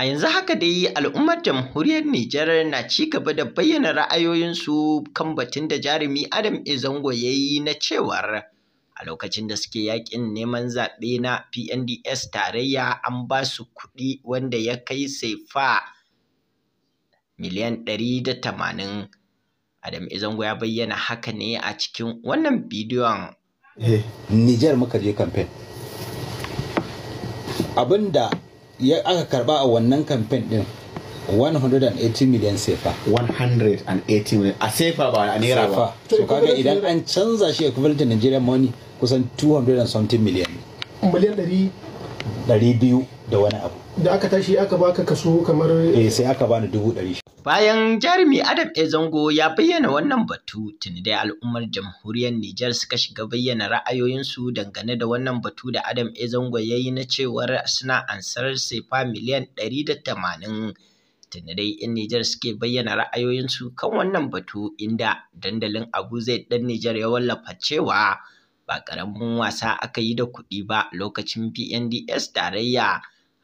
A yanzu haka dai al'ummar jamhuriyar Nijar na ci gaba da bayyana ra'ayoyinsu kan batun da jarumi Adam Ezango ya yi na cewar a lokacin da suke yakin neman zaɓe na PNDS tarayya an ba su kuɗi wanda ya kai saifa miliyan 180. Adam Ezango ya bayyana haka ne a cikin wannan bidiyon. Eh, Nijar muka je kamfen. Abinda ya aka karba a wannan kamfen din 180 million sefa 180 million a sefa ba a naira ba so kaga idan an canza shi equivalent Nigerian money kusan 200 and something million miliyan 200 da wani abu da aka tashi aka baka kaso kamar eh sai aka bani dubu bayan jarumi adam ezango ya bayyana wannan batu tuni dai al'ummar jamhuriyar Nijar suka shiga bayyana ra'ayoyinsu dangane da wannan batu da adam ezango ya yi na cewar suna ansar sefa miliyan ɗari da tamanin tuni dai 'yan Nijar suke bayyana ra'ayoyinsu kan wannan batu inda dandalin abu zai ɗan Nijar ya wallafa cewa ba ƙaramin wasa aka yi da kuɗi ba lokacin PNDS tarayya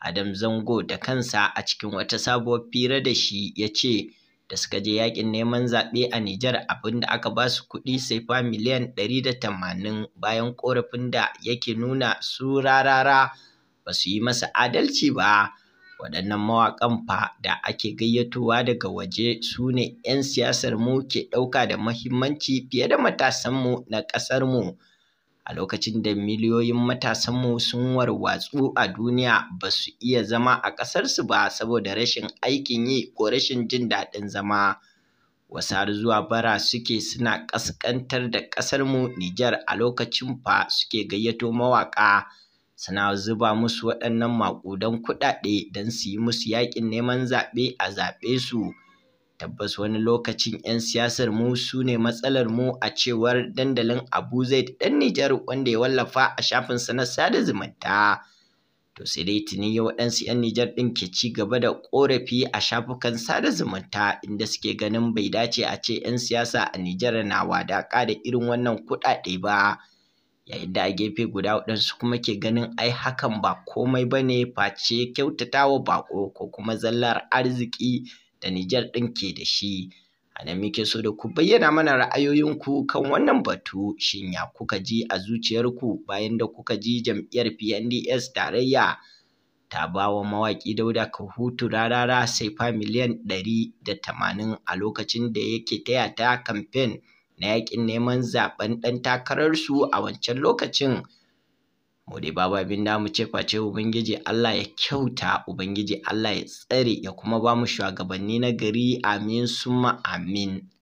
Adam Zango da kansa a cikin wata sabuwar fira da shi ya ce da suka je yakin neman zaɓe a Nijar abinda aka ba su kuɗi sai fa miliyan 180 bayan ƙorafin da yake nuna su rarara ba su yi masa adalci ba. Waɗannan mawaƙan fa da ake gayyatowa daga waje su ne 'yan siyasar mu ke ɗauka da muhimmanci fiye da matasanmu na ƙasarmu. a lokacin da miliyoyin matasanmu sun warwatsu a duniya ba su iya zama a ƙasarsu ba saboda rashin aikin yi ko rashin jin daɗin zama wasu har zuwa bara suke suna ƙasƙantar da ƙasarmu Nijar a lokacin fa suke gayyato mawaƙa suna zuba musu waɗannan maƙudan kuɗaɗe don su yi musu yaƙin neman zaɓe a zaɓe su tabbas wani lokacin 'yan siyasar mu su ne matsalar mu a cewar dandalin abu zai dan nijar wanda ya wallafa a shafin na sada zumunta to sai dai tuni waɗansu 'yan nijar ɗin ke ci gaba da ƙorafi a shafukan sada zumunta inda suke ganin bai dace a ce 'yan siyasa a nijar na wadaƙa da irin wannan kuɗaɗe ba yayin da a gefe guda waɗansu kuma ke ganin ai hakan ba komai ba ne face kyautatawa baƙo ko kuma zallar arziki da Nijar ɗin ke da shi. A nan muke so da ku bayyana mana ra'ayoyinku kan wannan batu shin ya kuka ji a zuciyarku bayan da kuka ji jam'iyyar PNDS tarayya ta ba wa mawaƙi Dauda Kahutu rarara sai fa miliyan ɗari da tamanin a lokacin da yake taya ta kamfen na yaƙin neman zaɓen ɗan takararsu a wancan lokacin. mu dai babu abin da mu ce face ubangiji Allah ya kyauta ubangiji Allah ya tsare ya kuma ba mu shugabanni na gari amin summa amin